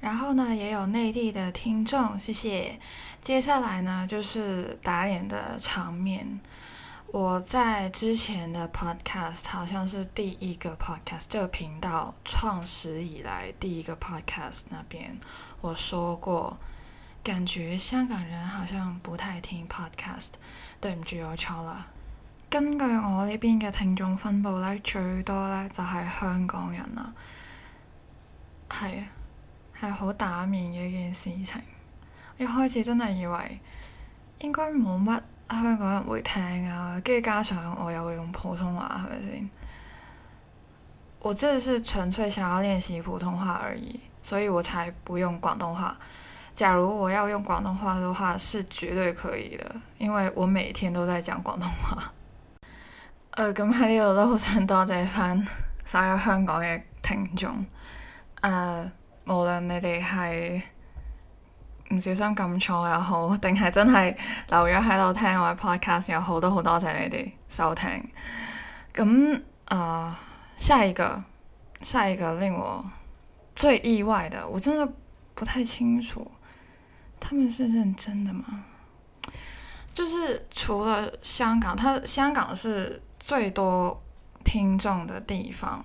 然後呢，也有內地的聽眾，謝謝。接下來呢，就是打臉的場面。我在之前的 podcast，好像是第一個 podcast，這個頻道創始以來第一個 podcast，那邊我說過，感覺香港人好像不太聽 podcast。對唔住，我錯啦。根據我呢邊嘅聽眾分布咧，最多咧就係、是、香港人啦。係啊。係好打面嘅一件事情。一開始真係以為應該冇乜香港人會聽啊，跟住加上我又會用普通話，係咪先？我真係是純粹想要練習普通話而已，所以我才不用廣東話。假如我要用廣東話嘅話，是絕對可以的，因為我每天都在講廣東話。咁喺呢度都好想多謝翻所有香港嘅聽眾，誒、呃。無論你哋係唔小心撳錯又好，定係真係留咗喺度聽我嘅 podcast，有好多好多謝你哋收聽。咁啊、呃，下一個，下一個令我最意外的，我真的不太清楚，他們是認真的嗎？就是除了香港，他香港是最多聽眾的地方。